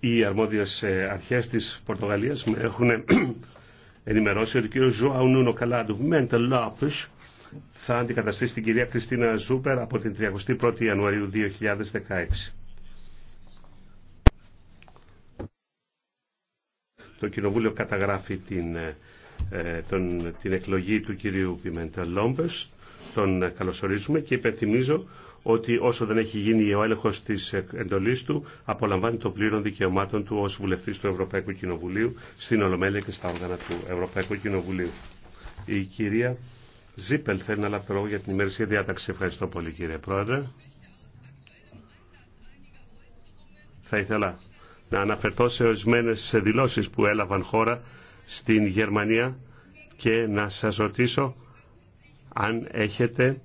Οι αρμόδιες ε, αρχέ τη Πορτογαλίας έχουν ενημερώσει ότι ο κ. Ζωάου Νούνο Καλάντου Μέντε θα αντικαταστήσει την κυρία Κριστίνα Ζούπερ από την 31η Ιανουαρίου 2016. Το Κοινοβούλιο καταγράφει την ε, ε, τον, την εκλογή του κυρίου Πιμέντα Λόμπες. Τον καλωσορίζουμε και υπενθυμίζω ότι όσο δεν έχει γίνει ο έλεγχο τη εντολή του, απολαμβάνει το πλήρων δικαιωμάτων του ω βουλευτή του Ευρωπαϊκού Κοινοβουλίου στην Ολομέλεια και στα όργανα του Ευρωπαϊκού Κοινοβουλίου. Η κυρία Ζίπελ θέλει να λάβει το λόγο για την ημερήσια διάταξη. Ευχαριστώ πολύ κύριε Πρόεδρε. Θα ήθελα να αναφερθώ σε ορισμένε δηλώσει που έλαβαν χώρα στην Γερμανία και να σας ρωτήσω αν έχετε